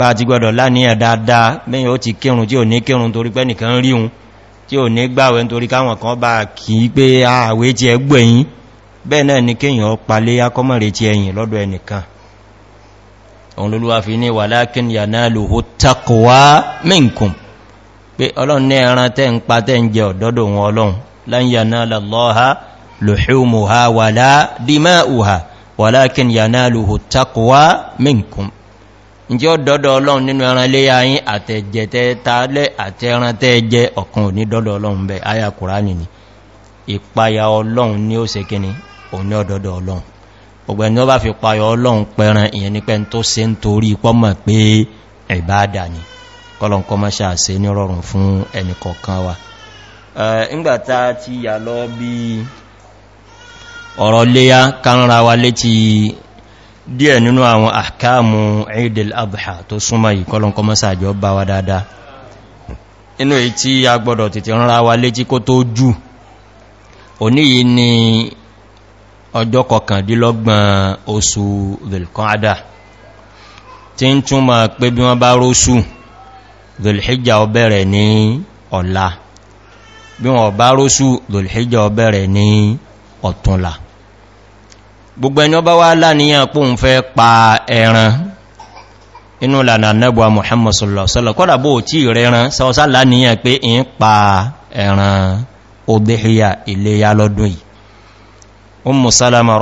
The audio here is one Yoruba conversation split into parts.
bá ti gbọdọ̀ láníyàn dáadáa mẹ́yìn ó ti kírun tí ò ní kírun torí pé nìkan rí un tí ò ní gbáwẹ̀ nítorí káwọn kan bá kì í pé ààwé ti ẹgbẹ̀yìn bẹ́ẹ̀ náà ni kíyàn palẹ́ akọ́mọ̀rẹ̀ ti ẹ̀yìn lọ́dọ̀ ẹnìkan òun lólúwà fi ní wàlákin yàná lòhó takowa minkum pé ọlọ́run ní ẹran tẹ́ ń pa tẹ́ ń jẹ ọ̀dọ́dọ̀ wọn ọlọ́run láyàná lọ́ha lòhúmuha wàlá dímáà wàlákin yàná lòhó takowa minkum ǹjẹ́ ọ̀dọ́dọ̀ ọlọ́run nínú ẹran léyà yín àtẹ̀jẹ̀ tẹ́tàálẹ̀ àti ẹran jẹ ọ̀kan ò dọ́dọ̀ ọlọ́run bẹ̀ ayà kùránì ni ìpayà ọlọ́run ní ó se kíni ní ọ̀dọ́dọ̀ ọlọ́run ọgbẹ̀ni ó bá fi payà ọlọ́run pẹran ìyẹn díẹ̀ nínú àwọn àkáàmù Eidil Adha tó súnmọ́ ìkọlọ̀nkọ́ mọ́sàájọ́ bá wa dáadáa inú èyí tí a gbọ́dọ̀ tètè rárá wa létí kó tó jù òní yìí ni ọjọ́ kọkàndínlọ́gbọ̀n oṣù Dhul-Qa'da tí ń túnmọ̀ pé bí wọ́n bá rósù dhul ó bẹ̀rẹ̀ ní ọ̀la bí wọ́n bá rósù dhul ó bẹ̀rẹ̀ ní ọ̀túnla gbogbo ẹni ọba wá láníyàn pò ń fẹ́ pa ẹran inú lànà nẹ́bùwa muhammad sallọ́sọ́lọ́ kọ́dà bó tí ìrẹran sọ́sá láníyàn pé in pa ẹran obìnrin iléyà lọ́dún yìí o mú sálàmà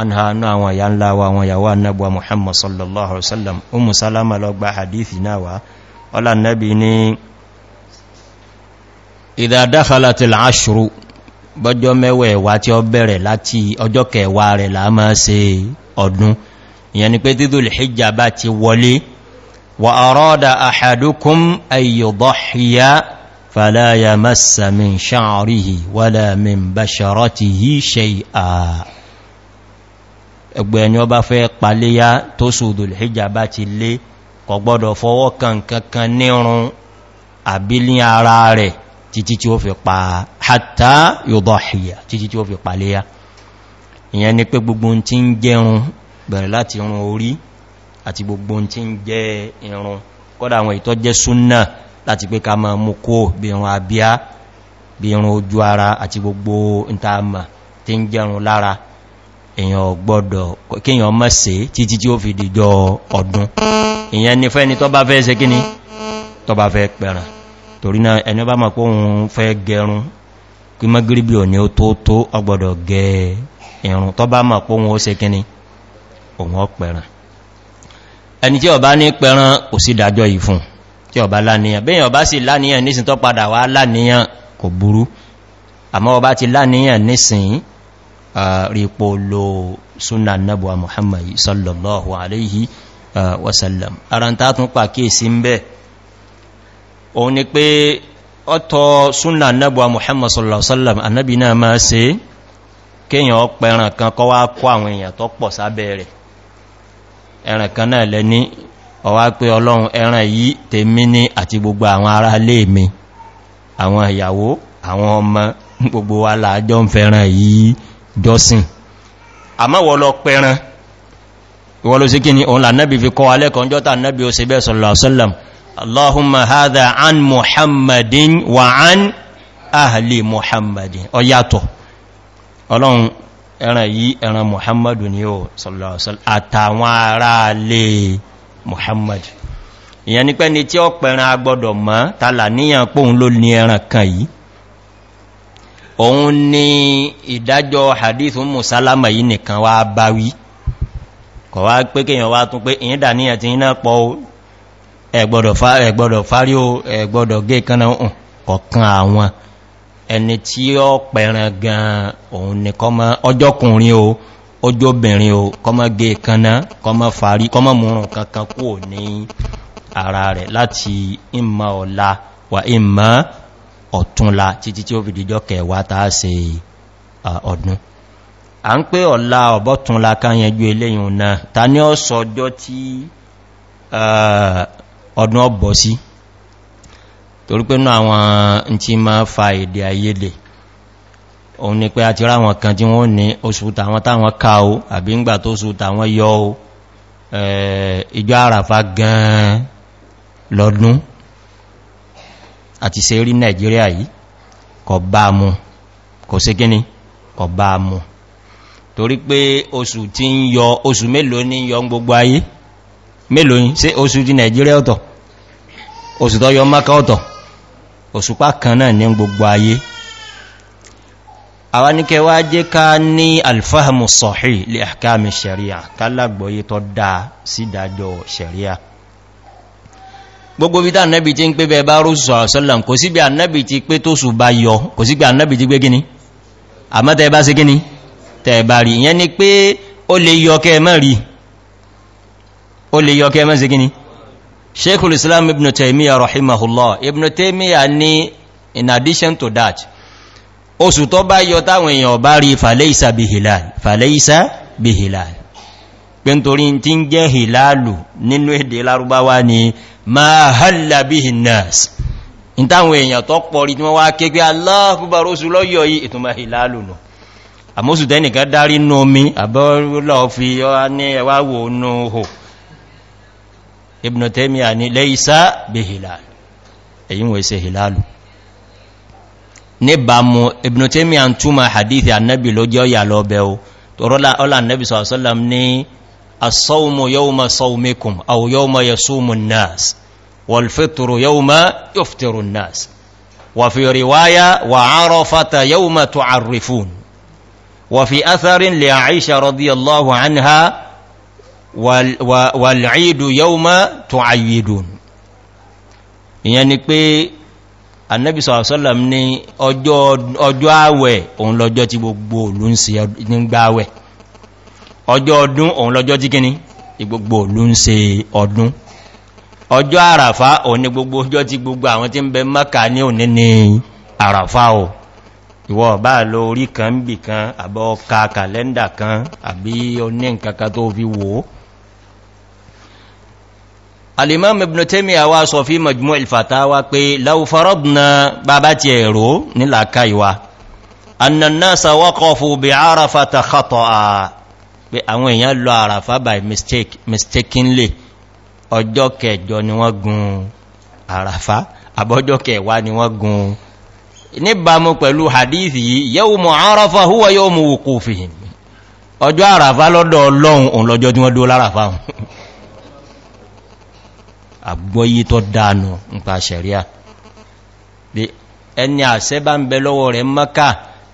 an ha ní àwọn ìyá ńlá wa àwọn ìyàwó annabuwa muhammad bọ́jọ́ mẹ́wẹ̀ wà tí ó bẹ̀rẹ̀ láti ọjọ́ kẹwàá rẹ̀ là máa ṣe ọdún ìyẹn ni pé títò lè hijjá bá ti wọlé wà àrọ́dà àhàdùkún ayyọ̀dọ̀hìyà fàláyà masamin ṣàríhì wàlá min basharati yí ṣe à ẹgbẹ̀ ọba fẹ́ paléyá tó sùdù lè hijjá bá ti lé kọ̀gbọ́dọ̀ fọwọ́ kankan nírun àbílí ara rẹ̀ títí tí ó fi pa hàtà yudahhiya títí tí ó fi paléyá ìyẹn ni pé gbogbo tí ń jẹ́ irun bẹ̀rẹ̀ láti irun orí àti gbogbo tí ń jẹ́ irun kọ́dà àwọn ìtọ́ jẹ́ súnnà láti pé ká ma mú kó bí irun abíá bí irun ojú ara àti gbogbo ìtààmà tí ń jẹrun lára èyàn gbọ́dọ̀ kíyàn mọ́ sí títí tí ó fi dìjọ ọdún ìyẹn ni fẹ́ni tó bá fẹ́ ṣe kíní tó bá fẹ́ pẹ̀ràn torí náà ẹni bá ma pọ́ òun fẹ́ gẹrun kí mọ́gíríbì ò ní ó tó tó ọgbọ̀dọ̀ gẹ ẹ̀rùn tó bá ma pọ́ òun ó se kíní òun ó pẹ̀ràn ẹni tí ọba ní pẹ̀ràn kò sí dájọ́ yìí fún tí ọba láníyàn bẹ́yìn ọba sì láníyàn nísìn tó padà wá láníyàn kò burú àmọ́ ọba ti láníyàn nísìn rípo lo súnà muhammad sallallahu alaihi wasallam ara ta tún pàkíyèsí ń bẹ́ẹ̀ òun ni pé suna súnlà annabuwa muhammad sallallahu anabi na annabi náà máa se kéèyàn ọpẹ ẹran kan kọ́ wá kó àwọn èèyàn tó pọ̀ sábẹ́ rẹ̀ ẹran kan náà lẹ́ní ọwá pé ọlọ́run ẹran yìí ní àti gbogbo àwọn ará mi àwọn ìyàwó àwọn ọmọ gbogbo wa láàjọ́ ń fẹ́ràn yìí jọ́sìn àmọ́wọ́ lọ pẹran اللهم هذا عن محمد وعن ahli muhammadin ọ yàtọ̀ ọlọ́run ẹran yìí ẹran muhammadu ni ó sọ̀lọ̀sọ̀lọ̀ àtàwọn ará lè muhammadu ìyẹn ni pẹ́ ni tí ó pẹ̀ran agbọ́dọ̀ mọ́ tààlà níyàn pòun ló ní ẹran kan yìí òun ni ìdájọ́ hadith musalama yìí nìkan wá báwí kọ̀wá pé kíyàn wá tún pé ìyẹ́dà níyàn ti iná pọ̀ ẹgbọ́dọ̀ fárí o ẹgbọ́dọ̀ gé kanáà hùn kọ̀kan àwọn ẹni tí ó pẹ̀ràn gan òun ni kọmọ ọjọ́kùnrin o ojóbìnrin o kọmọ gé kanáà kọmọ fárí kọmọ múrùn kankan kú ní ara rẹ̀ láti ìmọ̀ ọ̀la wà ìmọ̀ ọ̀túnla títí tí ó fi dìjọ́ kẹwàá se ọdún a ń pé ọ̀la ọ̀bọ̀túnla káyẹnjú eléyìn náà ta ọdún ọ̀bọ̀ sí torípé náà àwọn tí ma fa èdè ayédè òun ni pé a ti rá àwọn kan tí wọ́n ní oṣù tàwọn táwọn ká o àbí ń gbà tó oṣù tàwọn yọ o ìjọ àràfà gan lọ́dún àti se rí nàìjíríà yìí kọ bá mú kò sí gíní kọ bá mú torí pé oṣù tí ń yọ oṣù mélòó ní yọ gbogbo ayé mélòó yìí sí oṣù di nàìjíríà ọ̀tọ̀ oṣù tó yọ maka ọ̀tọ̀ òṣùpá kan náà ní gbogbo ayé àwọn níkẹwàá jẹ́ ká ní alfahamu sọ̀hí lè àkámi sharia kálàgbọ́yé tó dáa sí dájọ́ sharia gbogbo bí tán nẹ́bì tí ń pé bẹ bá rúsù sọ́lọ̀m kò sí bí anẹ́bì ti pé tó sù bá yọ kò sí bí anẹ́bì ti pé gíní àmọ́tẹ́ bá sí gíní tẹ̀ẹ̀bà rí ìyẹn ni pé ó lè yọ kẹ́ẹ̀mọ́ rí ó lè yọ kẹ́ mẹ́sí gini sheikul islam ibn taimiyya rahimahullah ibn taimiyya ni in addition to that oṣù tó bá yọ táwọn èèyàn bá rí fàlẹ́ìsà bí hilal fàlẹ́ìsà bí hilal pé n torí tí ń jẹ́ hilalu nínú èdè larubawa ni ma halla bí hinnas in táwọn èèyàn tó pọ̀rí tí wọ́n wá ké pé aláàkúbàrò oṣù lọ́yọ̀ yìí àmóṣù tẹ́nìkan dárí nú omi àbọ́rúlọ́ fi ọ́ ní ẹwà wò nú hò ibn taimiyya ni laisa bi hilal èyí wọ́n ṣe hilalu níbàmù ibn taimiyya ń túnmà hadithi annabi ló jẹ́ ọ̀yà lọ bẹ̀ o tọrọlá ọlá annabi sọ̀sọ́lám ní asọ́umọ̀ yọ́uma sọ́umikùn àwọ̀ yọ́uma yẹ súnmù nas wàlfẹ́tùrù yọ́uma yọ́ftẹ̀rù nas wàfi riwaya wà arọ́fata yọ́uma tó arrifun wàfi atharin lè àìṣà rọ́díyàlláhu anha wàl'ídù yau ma tó ayyidù ìyẹn ni pé annabi sọ̀rọ̀sọ́lọ̀m ní ọjọ́ àwẹ̀ òun lọ́jọ́ tí gbogbo òlú ń se nígbà àwẹ̀ ọjọ́ ọdún òun lọ́jọ́ tí kíní gbogbo òlú ń se ọdún ọjọ́ àràfá òun ni gbogbo ọjọ́ tí gbogbo àwọn tí ń bẹ mọ́ka ní òní ni àràfá o ìwọ̀ bá lọ orí kan bì kan àbọ́ ka kàlẹ́ndà kan àbí oní nkankan tó fi wòó al'imam ibn taimiyya wa sọ fi majmú ilfata wa pé laufarab na bàbá ti ẹ̀rọ nílà kaiwa annan nasa wakọfu bí arafa ta khatọ a pé àwọn èèyàn lọ arafa by mistakenly ọjọ́ kẹjọ ni wọ́n gun arafa abọ́jọ́ kẹwa ni wọ́n gun níbàmú pẹ̀lú hadith yìí yau mu arafa huwa yau mu wukufihim ọjọ́ arafa lọ́dọ̀ ọlọ́run òun lọ́jọ́ tí wọ́n dó lárafa àgbọ́yí tó dánù nípa sẹ̀ríà ẹni àṣẹ bá ń bẹ lọ́wọ́ rẹ̀ mọ́ká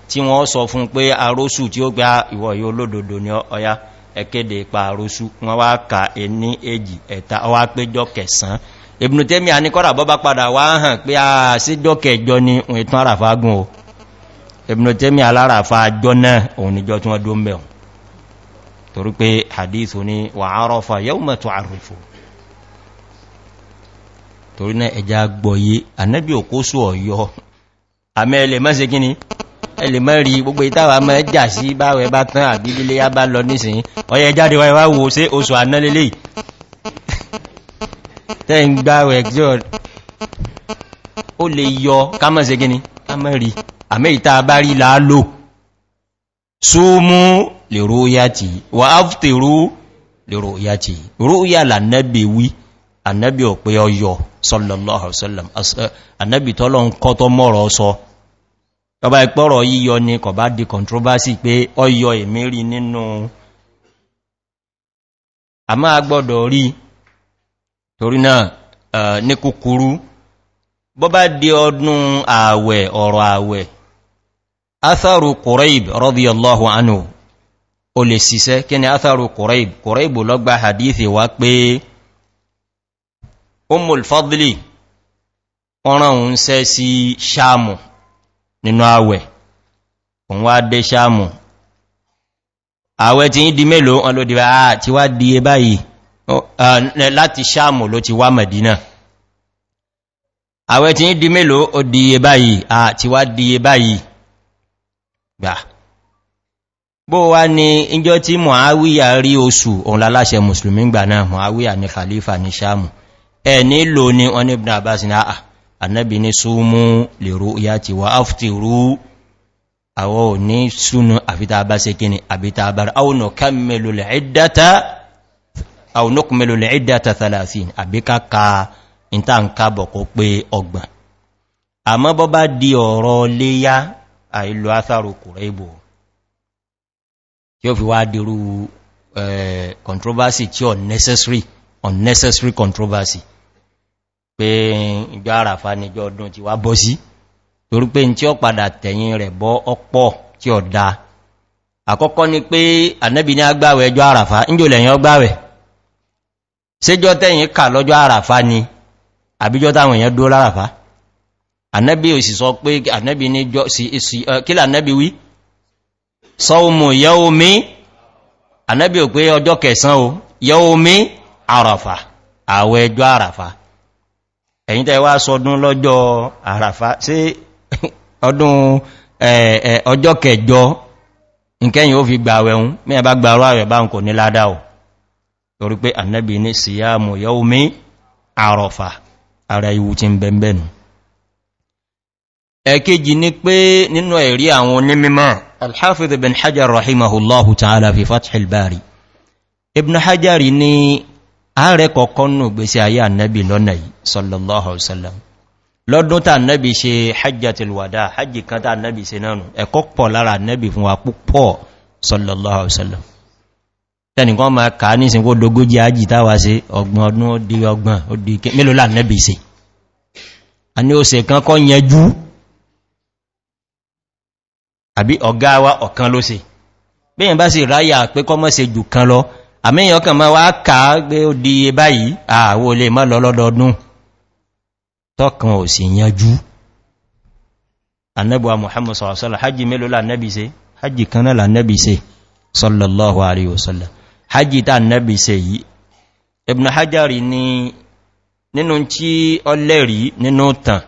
tí wọ́n sọ fún pé arósù tí ó gba ìwọ̀ yóò lódòdó ní ọya ẹkéde ipa arósù wọ́n wá ka ẹni èjì ẹ̀ta ọwá péjọ kẹsàn ibùn tẹ́mì àníkọ́rà bọ́bá padà wá hàn pé a síjọ́ kẹjọ ni ìtún àràfà gùn o ibùn tẹ́mì jọ náà òun níjọ tí wọ́n dó mẹ́un torí pé hadith ni wà á rọ́fà àrùfò torí náà ẹja gbọ́yé ànẹ́bí òkóso ọ̀yọ́ àmẹ́ ẹlẹ̀ mẹ́sẹ̀ gíní ẹlẹ̀ mẹ́rí gbogbo ìtawà mẹ́ jà sí báwẹ̀ bá tán àbí lílé yá bá lọ nísìn ọyẹ jáde wáyé wá wo sí oṣù ànálélé tẹ́ ń gbáwẹ̀ jọ ó lè yọ kámẹ́sẹ̀ gíní kámẹ́rí àmẹ́ ìta bá rí láálò annabi ò pé ọyọ̀ sallallahu ala'uwasallam annabi eh, tọ́lọ ń kọ́ tó mọ́rọ̀ sọ ọba ìpọ́rọ̀ yíyọ ni kọ̀ bá di controversy pé ọyọ̀ ìmírí nínú a máa gbọ́dọ̀ rí torí náà eh, ní kúkúrú bọ́ bá di ọdún ààwẹ̀ ọ̀rọ̀ ààwẹ̀ atharu kùrẹ́ib radiyallahu anhu o lè ṣiṣẹ́ kí ni atharu kùrẹ́ib kùrẹ́ib lọ́gbà hadithi wá pé umul fadli ọ̀ràn òun sẹ́ sí ṣáàmù nínú àwẹ̀ òun wá dé ṣáàmù àwẹ̀ tí ń di mélòó wọn ló dìbà àà tí wá di báyìí láti ṣáàmù ló ti wá mẹ̀dínà àwẹ̀ tí ń di mélòó ó di báyìí àà tí wá di báyìí gbà bó wá ní ìjọ tí mọ̀háwíyà rí oṣù òun láláṣẹ mùsùlùmí gbà náà mọ̀háwíyà ní khalifa ni ṣáàmù ẹni lò ní wọn ní ibùdó àbá síná à annabi ní súnmú ah, lè rú ìyá ti wà áfùtì rú àwọ́ ní súnú àfíta bá se kíni àbíta bá áwọnà kàmẹ́lò lè ìdáta thalathin àbíká ka ìta ń kábọ̀ kó pé ọgbà àmọ́ bọ́ bá di ọ̀rọ̀ léyá eh, controversy tí unnecessary unnecessary controversy pé ìjọ àràfà níjọ ọdún ti wá bọ́ sí torí pé tí ó padà tẹ̀yìn rẹ̀ bọ́ ọpọ̀ tí ó dá àkọ́kọ́ ni pé ànẹ́bì ní agbáwẹ̀ ẹjọ́ àràfà níjò lẹ̀yìn ọgbáwẹ̀ séjọ́ tẹ̀yìn kà lọ́jọ́ àràfà ni àbíjọ́ táwọn èèyàn dó láràfà ànẹ́bì ò sì sọ pé ànẹ́bì ní jọ sí ìsì kílà ànẹ́bì wí sọ́ọ̀mù yẹ́omi àràfà àwẹ̀ ẹjọ́ àràfà ẹ̀yìn tẹ́ wá sọdún lọ́jọ́ àràfà sí ọdún ọjọ́ kẹjọ nkẹ́yìn ó fi gbà wẹ̀un mẹ́ẹ̀ bá gbàrọ àwẹ̀ bá ń kò ní ládá ò torí pé annabi ní síyàmù yọ omi àrọ̀fà ara iwu ti ń bẹ̀m̀bẹ̀nu ẹ̀kejì ni pé nínú ẹ̀rí àwọn onímọ̀ alhafidh ibn hajjar rahimahullahu ta'ala fi fathil bari ibn hajjari ni ààrẹ kọ̀ọ̀kan nù gbèsè ayé annabi lọ́nà yìí sallallahu ala'uwasallam lọ́dún ta annabi ṣe hajjatilwada hajji kan ta annabi ṣe náà ẹ̀kọ́ pọ̀ lára annabi fún wa púpọ̀ sallallahu ala'uwasallam tẹnìkan ma kà ní sin kó dogójí ajì táwà sí ọgbọ̀n ọdún ó di ọgbọ̀n ó di mélòó lánàbì sí a ní ó se ọ̀gá wa ọ̀kan ló se bí yẹn bá sì ráyà pé kọ́ mọ́ se jù kan lọ àmìyàn kan ma wá ká gbé ó di báyìí àwọ olè mọ́ lọ lọ́dọọdún tọ́kan ò sì yanjú annabuwa muhammadu sọ̀rọ̀sọ́lá hajji mélòó lànàbì se hajji kan náà lànàbì se sallallahu alaihi wasallam hajji ta annabi se yi ibn hajjari ni nínú tí ọlẹ́rí nínú tàn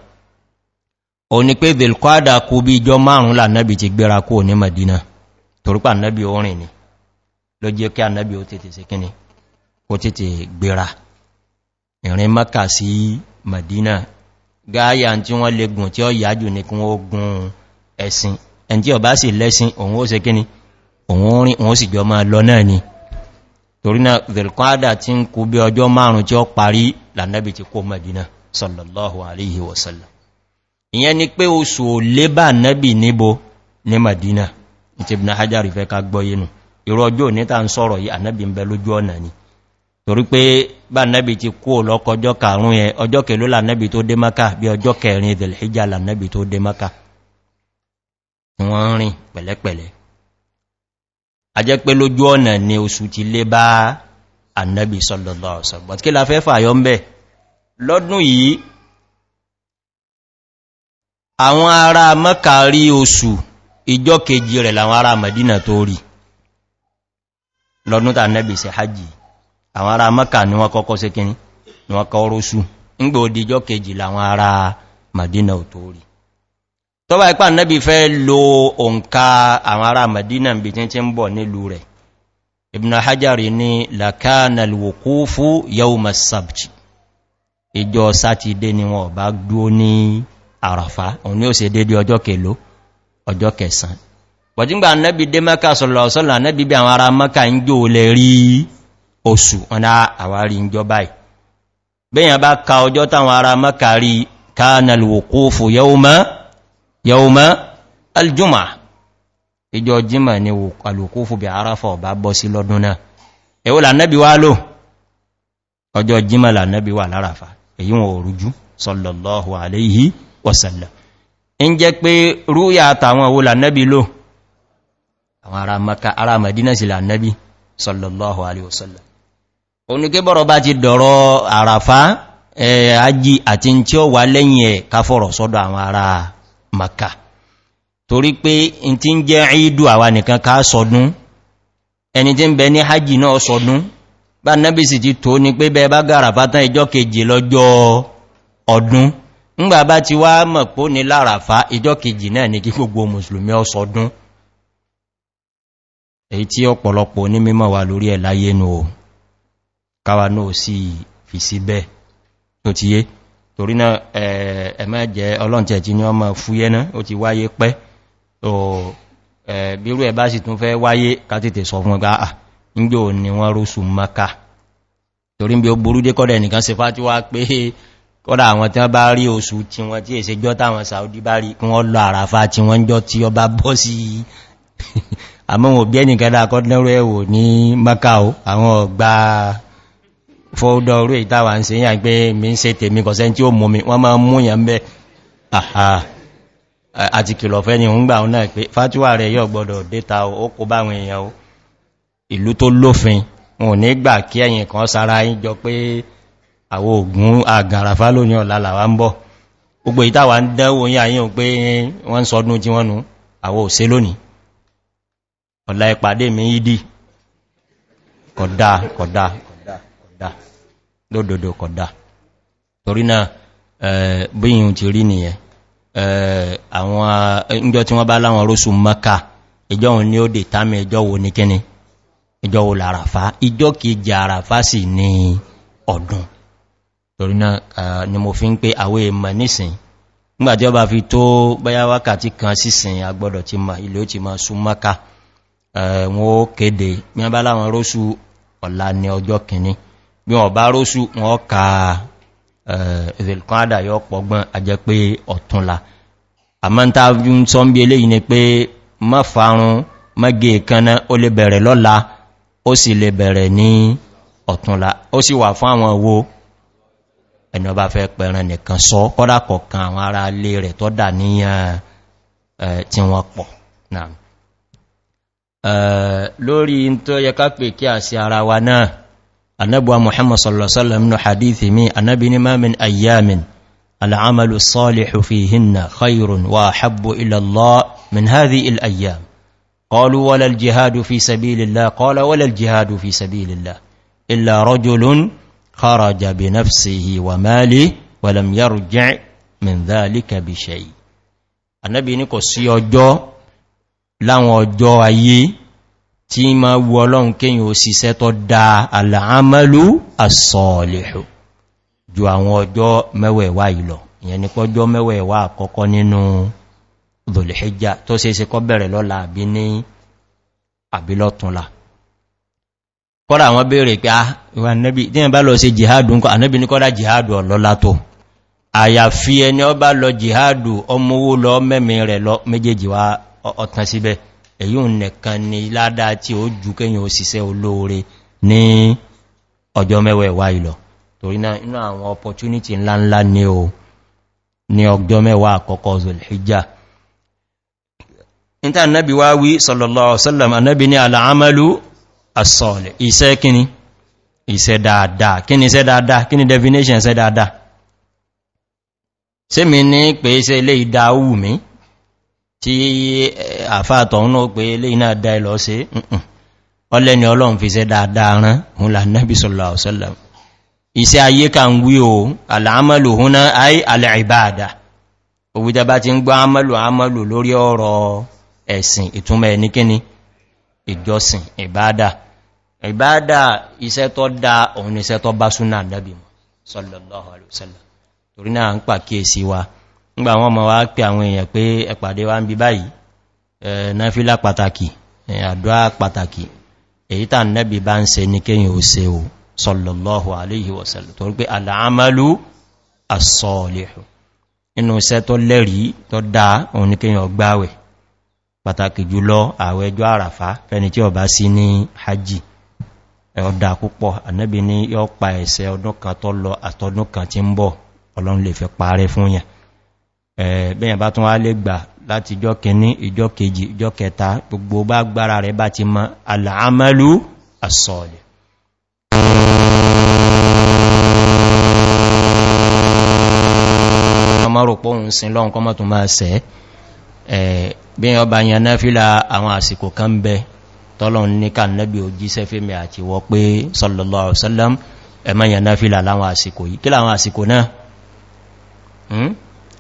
o ni pé belkwada kú bí ijọ márùn-ún lànàbì ti gbéra kú ní madina torípa annabi orin ni ló jẹ́ kí ànábí ó tètè sí kíni kò tètè gbéra ìrìn maka sí madina gáyà tí wọ́n lè gùn tí ó yájú ní kí wọ́n gùn ẹ̀sìn ẹn tí ọba sì lẹ́sìn òun ó sì kíni òun rìn òun sì jọ máa lọ náà ni torí náà velkwada tí ń kú bí ọjọ́ márùn tí ó parí lànàbí ti kó madina sallallahu alaihi wasallam ìyẹn ni pé oṣù ò lébà nábì níbo ní madina ìtìbìnà hajjari fẹ́ ká gbọ́yé nù ìrọjọ́ ní ta ń sọ́rọ̀ yìí ànábì ń bẹ lójú ọ̀nà ni torí pé bá nábi ti kú lọ́kọ̀ ọjọ́ karùn-ún ẹ ọjọ́ kèló lànábi tó dé maka bí ọjọ́ kẹrin ìdẹ̀lẹ̀híjà lànábi tó dé maka wọ́n rìn pẹ̀lẹ́pẹ̀lẹ́ a jẹ́ pé lójú ọ̀nà ni oṣù ti lé bá ànábi sọ́lọ̀lọ́ ìjọ́ kejì rẹ̀ làwọn ará màdínà tó rí lọ́dún tàà nẹ́bì sí hajji àwọn ará mọ́kà ní wọ́n kọ́kọ́ sí kíní ní wọ́n kọ́ rósù ń gbò díjọ́ kejì láwọn ará madina ò tó rí tó bá ipá nẹ́bì fẹ́ lo òǹkà àwọn ará madina bí tí tí ń bọ̀ nílùú rẹ̀ ibn hajjari yau masabji ìjọ sátidé ni wọn bá dúó ní àràfá òun ni ó bọ̀jíngbà annabi dé mẹ́ka sọ̀lọ̀sọ́lọ̀ annabi bí àwọn ará mẹ́ka ń jò lè rí oṣù ọ̀nà àwárí ń jọba ì bẹ́yàn bá ka ọjọ́ táwọn ará mẹ́ka rí kánàlùwòkófò yẹ́ọmọ́ aljúmà ìjọ jímà ni alùkófò bí aráfà ọba bọ́ sí lọ́dún náà èwo lànẹ́bí wá lò ọjọ́ jímà lànẹ́bí wà lárafà èyí wọn òrùjú ń jẹ́ pé rúyà àtàwọn owó lànẹ́bí lò àwọn ará maka ará madina sílẹ̀ annabi sallallahu alaihi wasallam onígbébọ̀rọ̀ bá ti dọ̀rọ̀ àràfá ají àti tí ó wà lẹ́yìn ẹ̀ sọ́dọ̀ àwọn ará maka torí pé in ti ń jẹ́ ìdù àwà nìkan ká sọdún bẹ ní hajji náà sọdún bá nábi sì ti tó ní pé bẹ bá gàrà fátán kejì lọ́jọ́ ọdún ńgbà bá ti èyí tí ọ̀pọ̀lọpọ̀ ní mímọ̀ wà lórí ẹ̀ láyé nù o káwà náà sí fi sí bẹ́ẹ̀ tó ti yé torí náà ẹ̀mẹ́ jẹ́ ọlọ́ntẹ̀ tí ní ọmọ fúyẹ́ náà ó ti wáyé pẹ́ bírú ẹ̀ bá sì tún fẹ́ wáyé kátètè sọ fún ọgbà nígbò ni wọ́n rúsù maka torí bí ó burú dé kọ́dẹ̀ nìkan se fá tí wá pé àwọn tí wọ́n bá rí oṣù tí wọ́n tí èsè jọ́ saudi bá rí kí wọ́n àràfà tí wọ́n jọ tí ọ bá bọ́ sí àmọ́ wọn bí ẹni gada akọ́dínlẹ́rọ ẹ̀wò ní makao àwọn ọgbà fọ́ọ̀dọ̀ orí ìtawà ń se yàn pé mi ń se tèmi kọ̀sẹ́ tí ó mú mi wọ́n máa mú yàn bẹ́ àti kìlọ̀ fẹ́ ni ń gbà náà pé fátúwà rẹ̀ yọ gbọdọ̀ dẹ́ta ó kó báwọn èèyàn ó ìlú tó lófin wọn ní gbà kí ẹ̀yìn kan sára yín jọ pé àwọ ògùn àgàràfá lónìí ọ̀lá làwá ń ọ̀la ìpàdé mi ìdí kọ̀dá kọ̀dá kọ̀dá lódòdó kọ̀dá torí náà bíyìn ti rí nìyẹn àwọn ìjọ tí wọ́n bá láwọn rósù mọ́ká ìjọ òun ni ó dè támi ìjọ wo ní kíni ìjọ wo làràfá ìjọ kejì àràfá sì ní ọdún torí ni mo fi ń pé àwọ èèmọ̀ nísìn nígbàtí ọba fi tó báyá wákàtí kan sísìn agbọ́dọ̀ ti ma ilé ó ti ma sún wọn ó kéde bí wọ́n bá láwọn rósù ọ̀la ní ọjọ́ kìíní bí wọ́n bá rósù wọ́n ka ìrìnkan àdáyọ pọ̀gbọ́n ajẹ́ pé ọ̀túnla àmọ́ntá ń sọ ń bí eléyìn ni pé má farun mọ́gẹ̀ kaná ó lè bẹ̀rẹ̀ lọ́la ó sì lè bẹ̀rẹ̀ ní ọ̀túnla ó sì wà fún àwọn owó ẹni ọba fẹ́ pẹ̀rẹ̀ nìkan sọ kọ́dà kọ̀kan àwọn ará ilé rẹ̀ tọ́dà níyàn tí wọ́n pọ̀ náà lórí tó yẹ ká pè kí a sí ara wa náà annabuwa muhammad sallallahu nu hadithi mi anábi ni mamin ayyamin al'amalu salihu fi hinna khairun wa habbu ilallah min hadhi ayyam qalu wala al-jihadu fi sabilillah qala wala al-jihadu fi sabilillah illa rajulun kharaja bi nafsihi wa mali wa lam yarji' min dhalika bi shay anabi ni kò sí ọjọ́ láwọn ọjọ́ ayé tí ma wu ọlọ́run kíyàn òsìsẹ́ tó dá àlàámẹ́lú àsọ̀ọ̀lẹ̀hù ju àwọn ọjọ́ mẹ́wẹ̀ẹ̀wà ìlọ̀ ìyẹn ni pọ́jọ́ mẹ́wẹ̀ẹ̀wà àkọ́kọ́ nínú dhulhijja tó se se kọ́ bẹ̀rẹ̀ lọ́la àbí ní àbílọ́tunla ah, jihadu nǹkan anẹ́bí ní kọ́dà jihadu ọ̀lọ́lá tó àyàfi ẹni jihadu ọmọ owó lọ mẹ́mẹ́ rẹ̀ ọ̀tàn síbẹ̀ èyí ò nẹ̀kan ni ládá tí ó jù kéyàn ó olóore ní ọjọ́ mẹ́wẹ̀ wá ìlọ̀ torí náà àwọn opportunity ńláńlá ní o ní ọjọ́ mẹ́wàá àkọ́kọ́ zulhijjá níta annabi wá wí sallallahu annabi ní al'amalu asọ̀lẹ̀ iṣẹ́ kíni iṣẹ́ dáadáa kíni iṣẹ́ dáadáa kíni definition iṣẹ́ dáadáa sí mi ní pé iṣẹ́ ilé ìdáwù mi tí eh, àfáàtọ̀ ń náà pé ilé iná dá ilọ̀ sí ọlẹ́ni ọlọ́run fi ṣe dáadáa rán hún lànàbí sọ̀lọ̀ ọ̀sọ́lọ̀ iṣẹ́ ayé ka ń wí o aláàmàlù húnná ayé alẹ́ìbáadà òwújábá ti ń gbá àmàlù àmàlù lórí ọ̀rọ̀ ẹ̀sìn ìtumẹ̀ ẹnikíní ìjọsìn ìbáadà ìbáadà iṣẹ́ ngbà wọn ma wá pẹ àwọn èèyàn pé ẹ̀pàdé wá pataki bí báyìí pataki pàtàkì àdúrà pàtàkì èyí tàn nẹ́bì bá ń se ní kéyìn ò se ò sọlọ̀lọ́hù aléhì wọ̀sẹ̀lẹ̀ tó rí aláàmàlú to inú iṣẹ́ tó lẹ́rí tó dá òun ní kéyìn ọgbáwẹ̀ pàtàkì jùlọ àwẹ̀ ẹjọ́ àràfá fẹni tí ọba sí ní hajji ẹ̀ọ̀dà púpọ̀ anẹ́bì ní yọ́ pa ẹ̀sẹ̀ ọdún kan tó lọ àtọdún kan tí ń bọ̀ ọlọ́run lè fẹ́ parẹ́ fún bẹ́yàn bá tún wá lè gbà láti ìjọ kìíní ìjọ kejì ìjọ kẹta gbogbo bá gbára rẹ̀ bá ti mọ́ alàámẹ́lú àsọ̀ọ̀lẹ̀ ọmọrùpọ̀ òun sin lọ́n kọ́ mọ́tún máa sẹ́ bẹ́yàn bá yàn náà fílà àwọn àsìkò kan bẹ tọ́lọ̀n ní ká nẹ́bí òjíṣẹ́ fẹ́mẹ̀ àti wọ́ pé sallallahu alaihi wasallam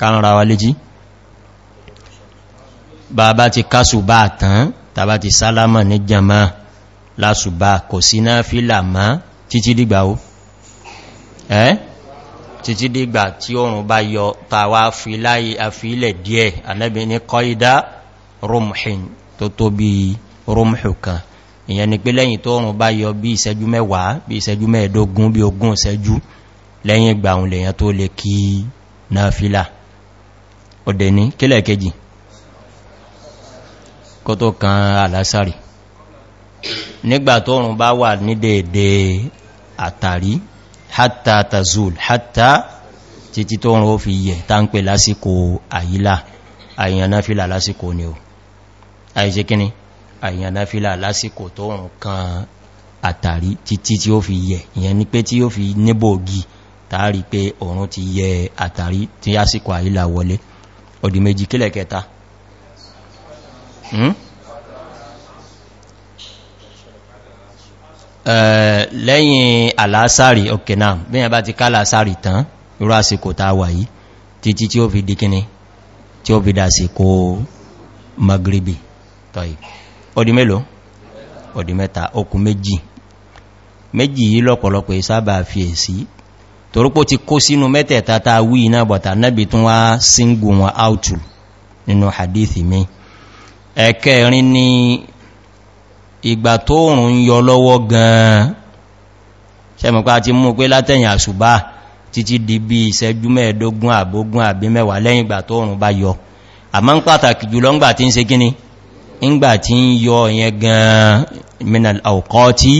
kánra wa léjí bàbá ti kásùbá tán tàbá ti sálámà ní jama lásùbá kò sí náà fílà má títí dìgbà ó ẹ́ títí dìgbà tí oòrùn bá yọ tàwà àfilẹ̀ díẹ̀ anẹ́bì ní kọ́ídá rumhin tó tó bí rumhu kan ìyẹn ni pé lẹ́yìn tó oòrùn bá yọ bí ìṣẹ́jú mẹ́wàá bí ìṣẹ́jú mẹ́ẹ̀dógún bí ogún ìṣẹ́jú lẹ́yìn ìgbà lèyàn tó lè kí náà fílà ọ̀dẹ̀ ní kílẹ̀ kejì kó tó kan alásàrì nígbà tó rùn bá wà ní dèdè àtàrí hatta tazul hatta títí tó rùn ó fi yẹ tá ń pè lásìkò àyílà àyànáfílà lásìkò ni o àìsíkíní àyànáfílà lásìkò tó rùn kan àtàrí títí tí ó fi yẹ ìyẹn ni pé tí ó fi níbògì tààrí pé òun ti yẹ àtàrí tí àsìkò àyílà wọlé ọdí méjì kílẹ̀ kẹta hmm? lẹ́yìn alásàrì ọkẹ̀ náà bí i bá ti ká alásàrì tán irú àsìkò ta wà yìí títí tí ó fi di kíní tí ó fi dà sí kó magribi tọ́yì ọdí mélòó ọdí mẹ́ta okùn méjì méjì yìí lọ́pọ̀lọpọ̀ ìsábà fi èsí torípò ti kó sínú mẹ́tẹ̀ẹ̀ta ta wí iná bọ̀ta nẹ́bi tún wá síngù wọn áùtù nínú hadithi mi ẹ̀kẹ́rin ni ìgbà tó rùn ń yọ lọ́wọ́ gan-an sẹ́mọ̀pá ti mú pé látẹ̀yìn àṣùbá títí di bí ìṣẹ́jú mẹ́ẹ̀dógún àbógún àbí mẹ́wàá lẹ́yìn ìgbà tó rùn bá yọ àmá ń pàtàkì jùlọ ńgbà tí ń se gíní ńgbà tí ń yọ ìyẹn gan-an minal aukọ́ tí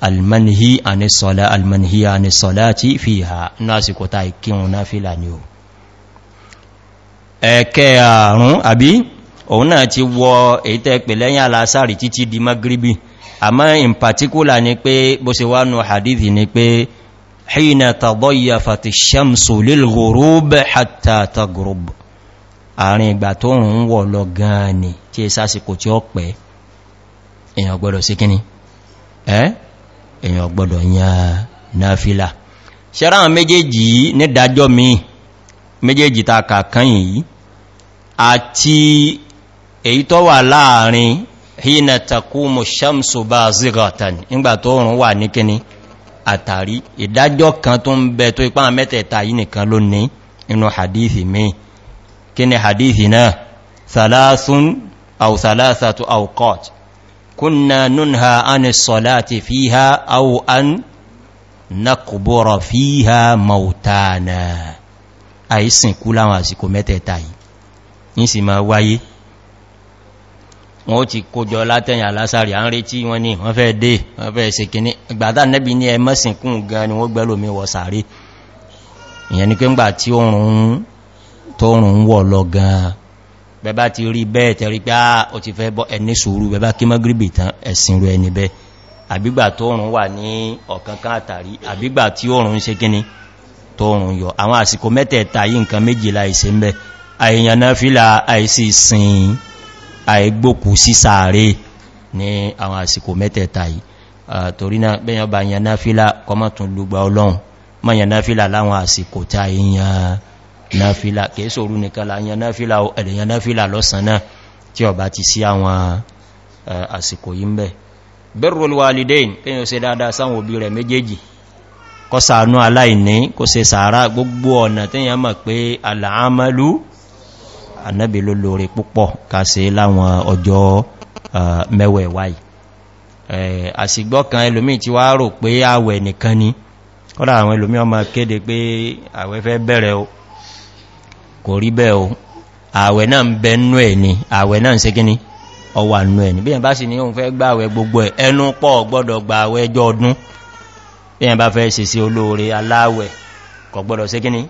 almanhi anisola almanhi anisola ti fi ha ní àsìkò ta ìkírun náà fílà ni o ẹ̀kẹ́ àrùn àbí òun náà ti wọ èyítẹ́ pè lẹ́yìn alásàrì títí di magribi àmá in particular ni pé bó se wá nù hadithi ni pé hìnà tàbọ́yà fàtí sàmsù lílgorúbù hàtà tàgorúbù àrin ìgbà tó rùn ún lọ gan ni tí è sásìkò tí ó pẹ́ èèyàn gbọ́dọ̀ sí kíní ẹ́ èyàn gbọdọ̀ yan náfílà ṣẹ́rá àwọn méjèèjì yìí ní dájọ́ mi méjèèjì ta kàkán yìí àti èyí tó wà láàrin hìnà takúmù shamsu bá zigatan nígbà tó rùn wà ní kíní àtàrí ìdájọ́ kan tó ń bẹ tó ipá mẹ́tẹ̀ẹ̀ta yìí nìkan ló ní inú hadithi mi kíní hadithi náà thalathun au thalathatu au qat كنا ننهى عن الصلاة فيها أو أن نقبر فيها موتانا àìsìn kú láwọn àsìkò mẹ́tẹ̀ẹ̀ta yìí ní sì máa wáyé wọ́n ti kójọ látẹ̀yìn alásàrí à ń rí tí wọ́n ní wọ́n fẹ́ dé wọ́n fẹ́ ṣe kìíní ìgbàdá nẹ́bí ní ẹmọ́sìn kún gan ni wọ́n gbẹ́lò mi wọ sàárè ìyẹn ń gbà tí ó rùn ún wọ̀ lọ gan bẹba ti rí bẹ́ẹ̀ tẹ̀rí pé ah, ó ti fẹ́ bọ́ ẹni sùúrù bẹba kí mọ́gíríbì tán ẹ̀sìn rẹ̀ ní bẹ́ àbígbà tó rùn wà ní ọ̀kankan àtàrí àbígbà tí ó rùn ṣe kíní tó rùn yọ àwọn àsìkò mẹ́tẹ̀ẹ̀ta yí nǹkan méjìlá ìsẹ́ ń bẹ́ àìyànná fílà àìsí sin àìgbókù sí sàárè ní àwọn àsìkò mẹ́tẹ̀ẹ̀ta yìí torí náfílà kèésòrú nìkan láyẹn náfílà ẹ̀lẹ̀yẹn náfílà lọ́sàn náà tí ọba ti sí àwọn àsìkò yí ń bẹ̀ bẹ́rùl walidain kíyàn ṣe dáadáa sáwọn òbí rẹ̀ méjèèjì kó ṣàánú aláìní kó ṣe sàárá gbogbo ọ̀nà tí yàn mọ̀ pé aláàmàlú annabi ló lóore púpọ̀ ká ṣe láwọn ọjọ́ mẹ́wẹ̀ẹ̀wá yìí àsìgbọ́ kò rí bẹ́ o ààwẹ̀ náà ń bẹ nú ẹ̀ ni ààwẹ̀ náà ń se gíní ọwà nú ẹ̀ ni bí ẹ̀n bá sì ní òun fẹ́ gbàwẹ̀ gbogbo ẹ̀ ẹnu pọ̀ gbọ́dọ̀ gbàwẹ̀ ẹjọ́ ọdún bí ẹ̀n bá fẹ́ se sí olóore aláwẹ̀ kọ̀ gbọ́dọ̀ se gíní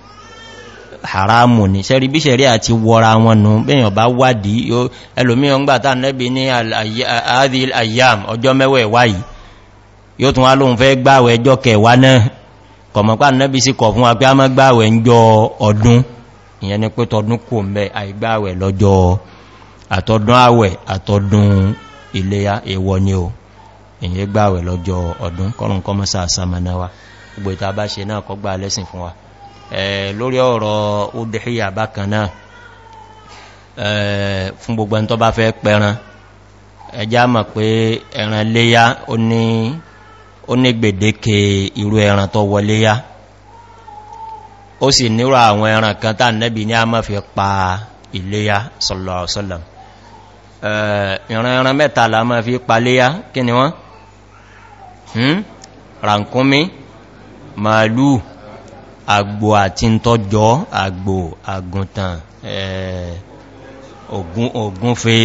haramu ni sẹ́rí bí sẹ́rí àti wọra wọn nù bẹ́yàn bá wádìí ẹlòmíyàn gbà tàà nẹ́bí ní àádìí ayyam ọjọ́ mẹ́wẹ̀ wáyìí yóò tún wá lóun fẹ́ gbáwẹ̀ ẹjọ́ kẹwàá náà kọ̀mọ̀pá nẹ́bí sí kọ̀ fún wa pé a mọ́ gbáwẹ̀ ń jọ ọdún ìyẹn ni pé tọdún kò mẹ́ àìgbàwẹ̀ lọ́jọ́ àtọdún àwẹ̀ àtọdún iléyá èwọ ni o ìyẹn gbàwẹ̀ lọ́jọ́ ọdún kọrùn kọmọ sàásàmàná wa gbogbo ìta bá ṣe náà kọgbà lẹ́sìn fún wa lórí ọ̀rọ̀ obìnrin àbákan náà ó ní gbèdéke irú ẹran tó wọléyá ó sì nírò àwọn ẹran kan tán nẹ́bí ní a mọ́ fi pa iléyá sọ̀lọ̀ọ̀sọ̀lọ̀m ìran ẹran mẹ́ta la mọ́ fi pa léyá kí ni wọ́n hmm? ràǹkúnmí màálù àgbò àti tọ́jọ́ àgbò àgùntàn ògúnfe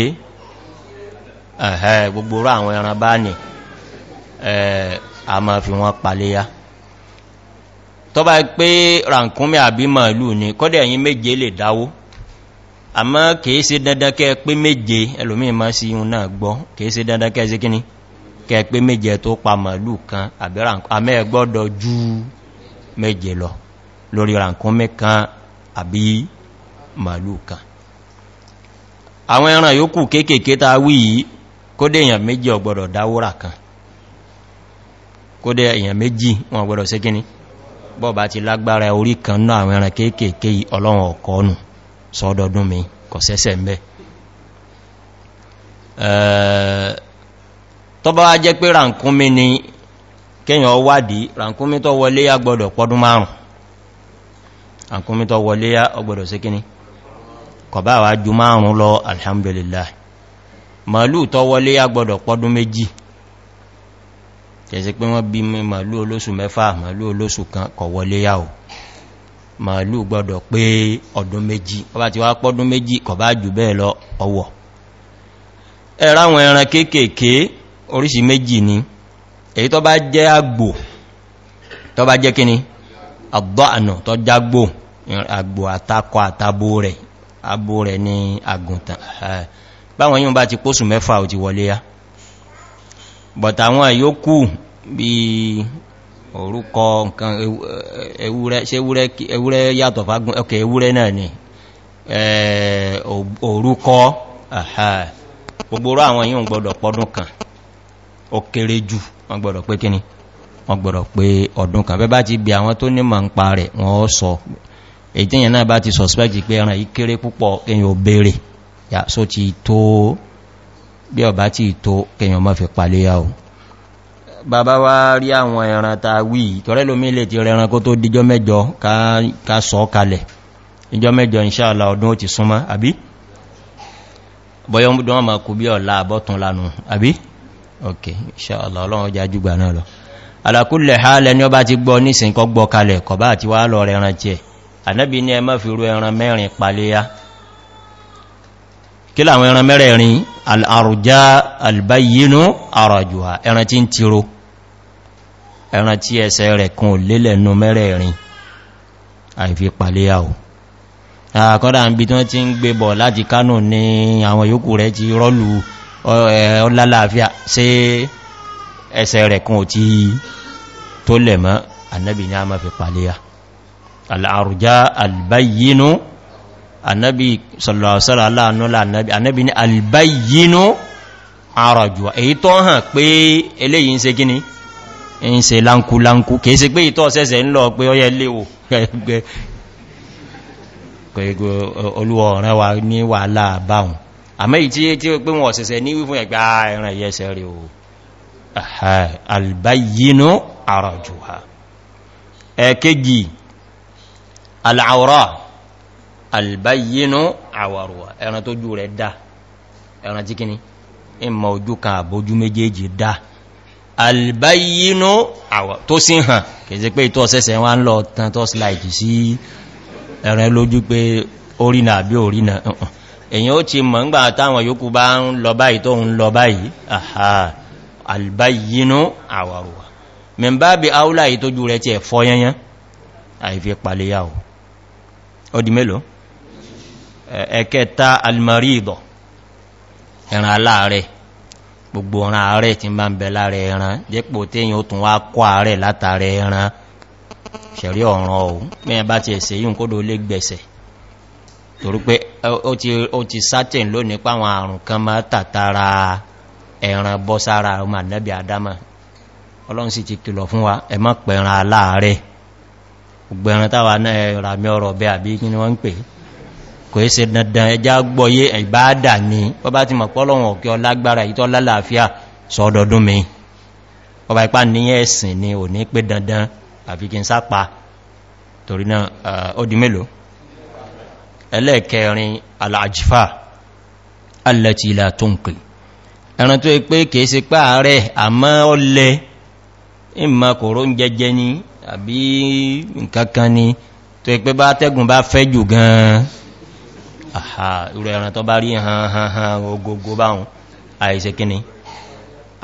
gbogbo àwọn ẹran bá ní a mọ́ fi wọ́n pa léyá tó bá pé ràǹkúnmí àbí màálù ní kọ́dẹ̀ yìí méje lè dáwó àmọ́ kìí ṣe dandan kẹ́ pé méje ẹlòmí ma sí yún náà gbọ́ kìí ṣe dandan kẹ́ sí kíní kẹ́ pé méje tó pa màálù kan àbí àmẹ́ gbọ́dọ̀ ju méje lọ lórí ràǹkúnmí kan àbí màálù kan àwọn ẹran yòókù kéékèèké ta wí yìí kódé èèyàn méjì ọgbọ̀dọ̀ dáwó rà kan kódé èèyàn méjì wọn ọgbọ̀dọ̀ sí kíní bọ́ọ̀bá ti lágbára orí kan náà àwọn ẹran kéèkèé ọlọ́run ọ̀kọ́nù sọ́dọ̀dún mi kọ̀ sẹ́sẹ̀ mẹ́ tọ́bá wá jẹ́ pé ràǹkúnmí ni kíyàn wádìí ràǹkúnmí tó wọlé yá gbọ́dọ̀ pọ́dún márùn ràǹkúnmí tó wọlé yá ọgbọ́dọ̀ sí kíní kọ̀bá wọlé yá gbọ́dọ̀ pọ́dún méjì kẹsẹ̀ pé wọ́n bí màálù olóṣù mẹ́fà màálù olóṣù kan kọ̀ wọlé yà ò màálù gbọdọ̀ pé ọdún méjì ọba ti wá pọ́dún méjì kọ̀ bá jù bẹ́ẹ̀ lọ ọwọ̀ ni èyí tó bá jẹ́ àgbò tó bá jẹ́ kíni àgbọ́ ànà tó jágbò àgbò àtakọ àtabo rẹ̀ abo rẹ̀ ní àgùntàn báwọn yíò bá ti pósù mẹ́fà ò ti wọlé ya bọ̀tà àwọn àyókù bí orúkọ nǹkan ewúrẹ́ ṣe ewúrẹ́ yàtọ̀ fagbọn ọkẹ̀ ewúrẹ́ náà ni orúkọ gbogbo àwọn yíò gbọdọ̀ pọ́dún kan ó kéré jù wọ́n gbọdọ̀ pé kíní wọ́n gbọdọ̀ pé ọdún kan bẹ́ bá ti bí àwọn tó ma ń pa rẹ̀ wọ́n sọ ètíyàn náà bá ti suspect pé ẹran yí kéré púpọ̀ kíyàn obere yà só ti tó bí ọba ti tó kíyàn mọ́ fi bàbá wá rí àwọn ẹran ta wí tọ́rẹ́ lómi lè ti rẹran kó tó díjọ́ mẹ́jọ ká sọ kalẹ̀ ìjọ mẹ́jọ ìṣàlá ọdún ó ti súnmọ́ àbí bọ́yọ́mùdán ma kú bí ọ̀la àbọ́tún lánú àbí ok ìṣàlá ọlọ́run ọjà jùgbà náà lọ alákúlẹ̀ ha lẹni ọba ti gbọ́ nísìn kọ́ gbọ́ kalẹ̀ kọ̀bá àti wá lọ rẹran jẹ ànẹ́bí ní ẹmọ́ fi ru ẹran mẹ́rin paléyá kí láwọn ẹran mẹ́rẹ̀rin al'arujá albayinu arajua ẹran tí ń tiro ẹran tí ẹsẹ̀ rẹ̀ kan ò lélẹ̀ nú mẹ́rẹ̀ẹ̀rin àìfi pàlẹ́yà ò àkọ́dà ń bí tí wọ́n ti ń gbé bọ̀ láti kánò ní àwọn yòókù rẹ̀ ti rọ́lù ọlálàáfíà sí ẹsẹ̀ rẹ̀ kan tí tó lẹ̀ mọ́ annabi ni a máa fi pàlẹ́yà al'arujá albayyinu annabi sallallahu alaihi ni albayyinu arajwa èyí tó hàn pé eléyìí ń se ń se lankulanku kìí se pé ìtọ́ sẹ́sẹ̀ ń lọ pé ọyẹ léwò ẹgbẹ́ pẹ̀lú olúwọ̀ ọ̀rẹ́ wa ní wàhálà báhùn àmẹ́ ìtí tí ó pé wọn ọ̀sẹ̀sẹ̀ ní wífún ẹgbà ah, ẹ̀rẹ̀ yẹsẹ̀ rẹ̀ o albayinu arajuha ẹ̀kẹ́gì al'aura albayinu awaruwa ẹran tó jù rẹ̀ dá ẹran tí kíní albayyinu àwọ̀ tó sí hàn kèsè pé ìtọ́ ọ̀sẹ̀sẹ̀ wá ń lọ tán tó slide sí ẹ̀rẹ lójú pé orínà àbí orínà èyàn ó ti mọ̀ ńgbà táwọn yóò bá ń lọ báyìí tó ń lọ báyìí àhà albayyinu àwàrùwà mẹ́mbàbí áúlà ìtójú rẹ̀ ti ẹ̀fọ́ yẹnyẹn àìfi paléyà ò ọdí mélòó ẹ̀kẹta almarí ìbọ̀ ẹ̀ràn aláàrẹ̀ gbogbo ọ̀ràn ààrẹ tí bá ń bẹ lára ẹran jẹ́pò téyìn ó tún wá kọ́ ààrẹ látàrẹ ẹran ṣẹ̀rí ọ̀ràn ọ̀hún mẹ́yàn bá ti ẹ̀sẹ̀ yíò kódò lè gbẹ̀sẹ̀ torí pé ó ti sátìn lónìí páwọn àrùn kan máa tàtàrà ẹran bọ́ sára ọmọ ànẹ́bì adama ọlọ́run sì kò é se dandan ẹjá gbọ́yé ìbáadà ní wọ́n bá ti mọ̀ pọ́lọ̀wọ̀n ọ̀kẹ́ ọlágbára ìtọ́ lálàáfíà sọ́ọ̀dọ̀dún mi ọba ipá ní ẹ̀sìn ni ò ní pé dandan àfi kí n sápa torí náà ó di mélòó ẹlẹ́ẹ̀kẹrin alájífà ni àbí nkankan ni tó pé bá tẹ́gùn àhà irú ẹran tó bá rí hàn ogogo báhùn àìsẹ kíní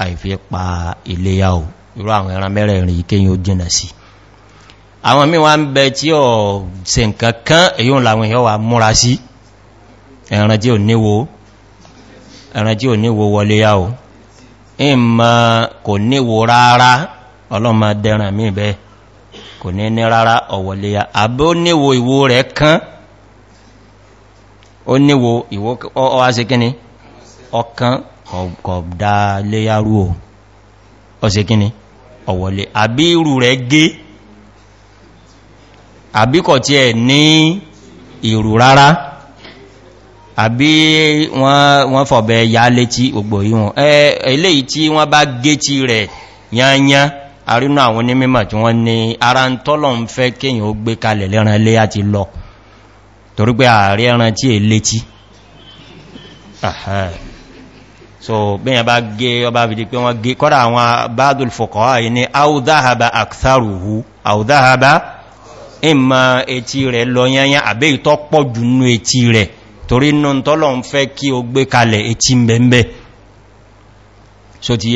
àìfi pa iléyà o irú àwọn ẹran mẹ́rẹ̀ẹ̀rin ìkéyìn ó jìnà sí àwọn míwá ń bẹ tí ọ̀ se nǹkan kan èyí ń làwọn èèyàn wà múra sí ẹran tí ò níwo ẹran tí ò níwo wọlé yá ìmọ̀ kò níwo rárá ọlọ́mọ mí bẹ́ẹ̀ kò ní ní rárá ọ̀wọ̀lé àbó níwo ìwo rẹ̀ kán ó níwò ìwò ọkàn ọ̀gọ̀dá léyàrú o ọ se kíni ọ̀wọ̀lẹ̀ àbí irú rẹ̀ gé àbíkọ̀ tí ẹ̀ ní ìrù rárá àbí wọ́n fọ̀bẹ̀ ya létí ògbò ìwọ̀n eléyìí tí wọ́n bá gé tí rẹ̀ yányán àrínú àwọn onímọ̀ tí wọ́n ní ara ń tọ́lọ̀ ń fẹ́ kíyàn ó gbé kalẹ̀ lẹ́ran ilé àti lọ́pù torí pé ààrẹ ẹran è létí so bíyàn bá gé ọba fìdí pé wọ́n gé kọ́dá àwọn bádùl fọ̀kọ́ àyí ní àúdáhàbá àkàrùhù àúdáhàbá ìmọ̀ etí rẹ̀ lọ yányán àbẹ́ ìtọ́ pọ̀ jù nú etí rẹ̀ torí nù tọ́lọ̀ ń fẹ́ kí o gbé kalẹ̀ etí mẹ́mẹ́ so ti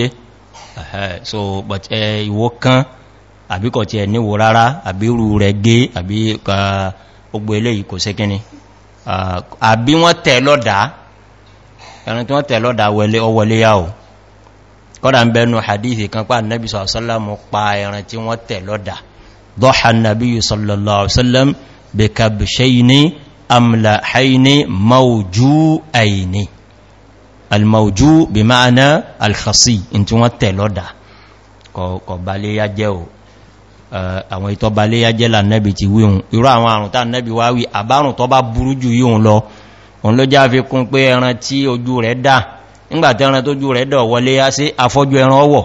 so but ìwó kan àbíkọ̀ ti ẹ̀ níwò rárá àbírù rẹ̀ gbogbo eléyìí kò sékíní àbí wọ́n tẹ̀ lọ́dá ẹ̀rin tí wọ́n tẹ̀ lọ́dá wọlé ọwọlé yá o kọ́dà ń bẹnu hadithi kan pa annabi sallallahu pa ẹ̀rin tí wọ́n tẹ̀ lọ́dá dọ́ha annabi sallallahu ala'uwasallam bẹ kàbṣẹ́yìní amlahaini mawju'aini almawju bi ma'ana alkhasi in tí wọ́n tẹ̀ lọ́dá kọ̀ balé yá jẹ́ o Eh, àwọn ìtọba léyá jẹ́là nẹ́bì ti wíhun irú àwọn àrùn tàà nẹ́bì wá wí àbárùn tọ́ bá burú jù yíhun lọ òun ló já fi kún pé ẹran tí ojú rẹ̀ dà nígbàtí ẹran tó jú rẹ̀ dọ̀ wọlé yá sí afọ́jú ẹran ọwọ̀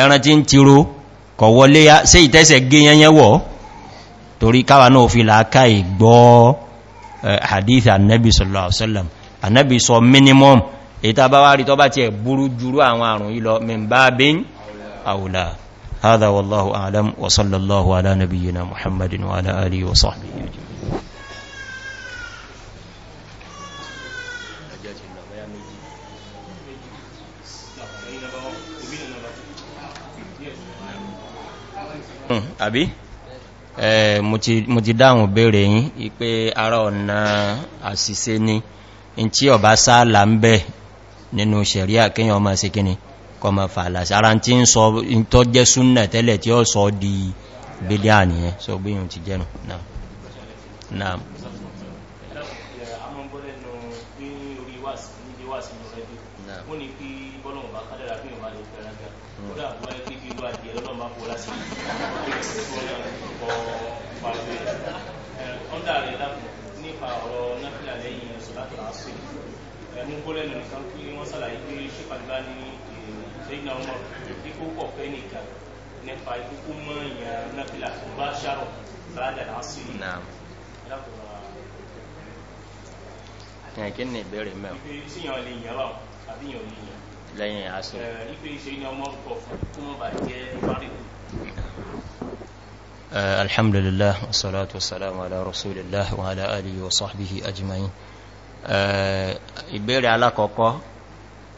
ẹran tí ń tiro kọ̀ wọlé yá sí ìtẹ́sẹ̀ gé yẹnyẹwọ̀ torí káwà náà fi làákà ìgbọ́ eh, sallallahu alaihi wasallam annabi sọ minimum èyí tàbáwárí tọ́ bá ti ẹ̀ burú jùrú àwọn àrùn yìí lọ هذا والله أعلم وصلى الله على نبينا محمد وعلى آله وصحبه أجمعين hmm, àbí mo ti dáhùn bèèrè yìn ipé ara ọ̀nà àṣìṣe ni in tí ọba sáàlà ń bẹ̀ nínú sẹ̀ríà kíyàn ọmọ sí kọmọ fàlàsì ara tí ń sọ tó jẹ́ súnnà tẹ́lẹ̀ tí ó sọ di bídíà nìyẹn so bí yíò ti jẹ́nu náà Mú kó lẹ́nu nìkan kí wọ́n sàlàyé pé ṣípàdé ní sẹ́yìn ọmọ ikú pọ̀ fẹ́ nìkan nípa ikú mọ́ èèyàn náfìlà tó bá ṣàrọ̀ bàdà náà sí i. yẹn kí ni ìbéèrè mẹ́ o. ife tí yàn lè yàn wà àbí yàn lè yàn. lẹ́yìn aṣọ. ife sẹ́yìn ọmọ pọ̀ kó mọ́ bà jẹ́ fárẹ́kù. الحمد لله والصلاة والسلام على رسول الله وعلى آله وصحبه أجمعين. ìbéèrè alákọ̀ọ́kọ́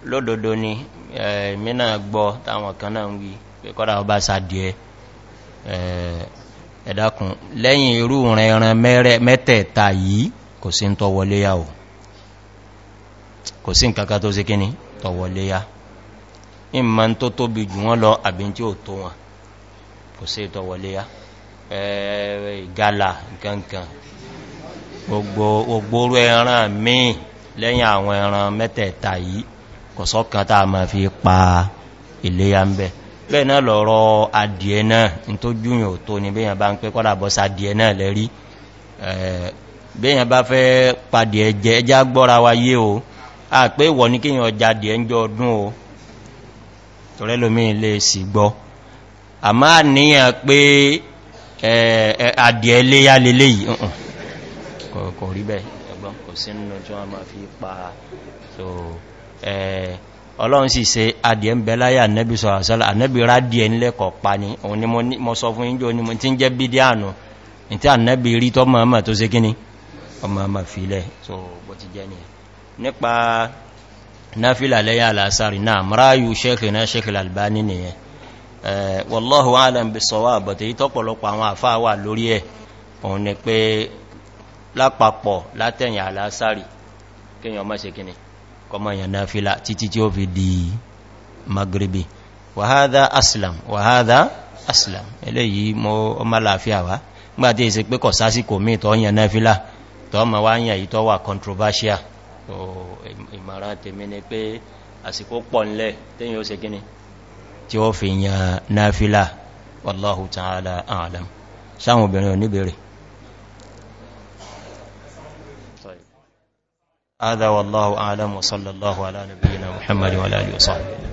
lódòdó ni eh, náà gbọ́ táwọn kan náà ń wí pé kọ́dá ọba sàdìẹ eh, ẹ̀dàkùn lẹ́yìn irú mẹ́tẹ̀ẹ̀ta yìí kò sí ń tọwọléyà o kò sí nǹkan tó sí kíní tọwọléyà in ma ń tó tóbi jù wọ́n lọ àbí tí eh, gala gbogbo ẹran lẹ́yìn àwọn ẹran mẹ́tẹ̀ẹ̀ta yìí kọ̀sọ́kan tàà ma fi pa iléyà ń bẹ̀ bẹ́ẹ̀ náà lọ́rọ̀ adìẹ náà in tó júyàn tó ní bẹ́yàn bá ń pẹ́ kọ́dà bọ́sá adìẹ náà lẹ́rí bẹ́yàn bá fẹ́ padì ẹjẹ́ ẹjá gbọ́ra wa yé o a pé wọ̀ ní kíyàn ọjà adìẹ ń jọ ọdún o torẹ́ lómi ilé sì gbọ́ so ọlọ́run sì se adìẹ ń bẹ̀láyà anẹ́bì sọ àṣálà anẹ́bì rádìẹ nílẹ̀kọ̀ pa ni òun ni mo sọ fún ìjọ ni mo ti ń jẹ́ bí dí ànù tí anẹ́bì rí tọ́ mọ̀ọ́mọ̀ tó sé kíní ọmọọmọ fílẹ̀ so bó ti jẹ́ ni nípa náfílà lẹ́yà alásàrì náà mráyù sẹ́kì náà sẹ́kì albani nìyẹn wọ́lọ́hù alẹ́mbi sọwọ́ àbọ̀tẹ̀ ìtọ́pọ̀lọpọ̀ àwọn àfáà wà lórí ẹ̀ kíyàn ọmọ sẹ́kì ni kọmọ yànà fílà títí tí ó fi di magribi wàhádá aslam wàhádá aslam eléyìí mọ́ ọmọ láàfíà wá gbáàdé ìsẹ pé kọ̀ sásìkò mí tọ́ yànà fílà tọ́ ma wá yàn ìtọ́ wà controversial ìmọ̀ràn tèmi ni pé àsìkò pọ̀ nlẹ̀ tẹ́yìn wallahu ta'ala alam sáwọn obìnrin هذا والله أعلم وصلى الله على نبينا محمد وعلى آله وصحبه